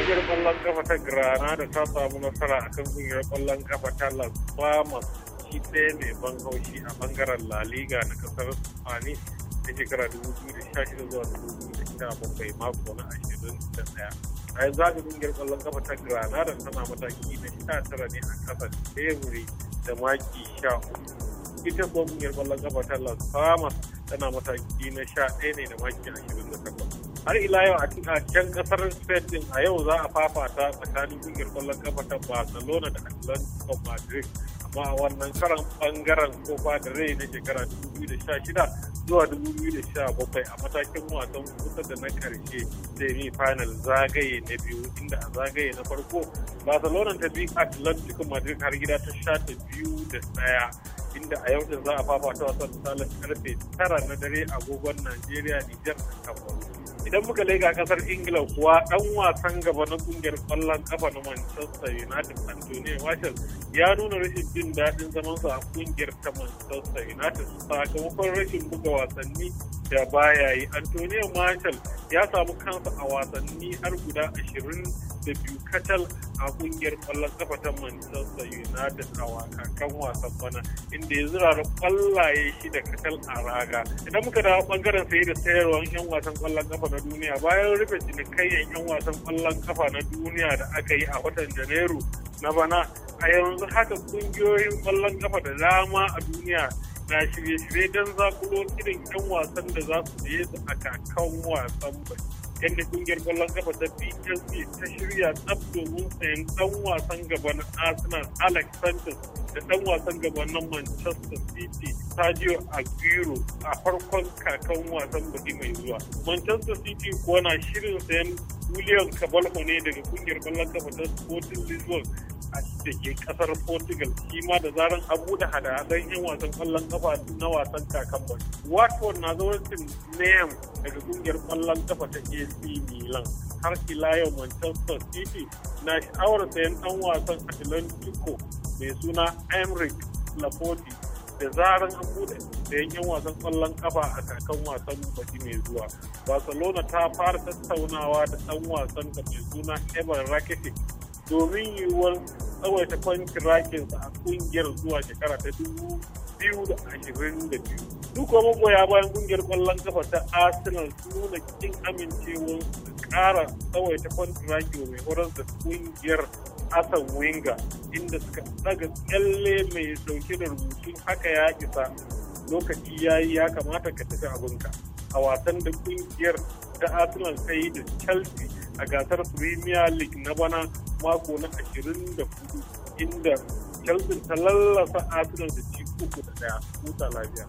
Ƙungiyar ƙwallon kafa ta Granada ta samu nasara a kan ƙungiyar ƙwallon kafa ta Las Palmas shi ɗaya mai ban haushi a bangaren La Liga na ƙasar Spani ta shekara 2016 zuwa 2017 mako na 21. A yanzu haka ƙungiyar ƙwallon kafa ta Granada tana mataki na 19 ne a ƙasar teburi da maki 13. Ita kuwa ƙungiyar ƙwallon kafa ta Las Palmas tana mataki na 11 ne da maki 28. har ila yau a cikin kasar spain din a yau za a fafata tsakanin kungiyar kwallon kafa ta barcelona da atlantico madrid amma a wannan karan bangaren kofa da rai na shekara 2016 zuwa 2017 a matakin wasan kusa da na karshe semi final zagaye na biyu inda a zagaye na farko barcelona ta bi atlantico madrid har gida ta sha ta biyu da daya inda a yau din za a fafata wasan misalin karfe 9 na dare agogon najeriya nijar da kamaru idan muka lega kasar ingila kuwa dan wasan gaba na kungiyar kwallon kafa na manchester united antonio marshall ya nuna rashin jin daɗin zamansa a kungiyar ta manchester united sakamakon rashin buga wasanni da baya yi antonio marshall ya samu kansa a wasanni har guda ashirin da biyu katal a kungiyar kwallon kafa ta manchester united a wakakan wasan bana inda ya zura da kwallaye shi da katal a raga idan muka dawo bangaren sai da sayarwar yan wasan kwallon kafa na duniya bayan rufe cinikayyar yan wasan kwallon kafa na duniya da aka yi a watan janairu na bana a yanzu haka kungiyoyin kwallon kafa da dama a duniya na shirye-shirye don zakulo irin 'yan wasan da za su je a kakan wasan ba yadda kungiyar kwallon kafa ta psc ta shirya tsab domin sayan dan wasan gaba na arsenal alex sanchez da dan wasan gaba na manchester city sadio aguero a farkon kakan wasan baki mai zuwa manchester city kuwa na shirin sayan julian kabalho ne daga kungiyar kwallon kafa ta sporting lisbon da ke kasar Portugal shi ma da zaran abu da hada-hadan 'yan wasan ƙwallon kafa na wasan kakan bai. Watford na zaurancin Neyam daga ƙungiyar ƙwallon kafa ta AC Milan. Har ila yau Manchester City na sha'awar sayan ɗan wasan Atlantico mai suna Emric Laporte da zaran an buɗe sayan 'yan wasan ƙwallon kafa a kakan wasan baki mai zuwa. Barcelona ta fara tattaunawa da ɗan wasan da mai suna Evan Rakitic domin yiwuwar tsawaita rakin a kungiyar zuwa shekara ta dubu biyu da ashirin da biyu. Duk magoya bayan kungiyar kwallon kafa ta Arsenal su nuna amincewa amincewar ƙara tsawaita rakin mai horar da kungiyar Asan Winga inda suka daga tsalle mai dauke da rubutun haka ya isa lokaci ya yi ya kamata ka tafi abinka a wasan da kungiyar ta Arsenal ta yi da Chelsea a gasar premier league na bana mako na 24 inda chelsea ta lallasa arsenal da ci uku da daya huta lafiya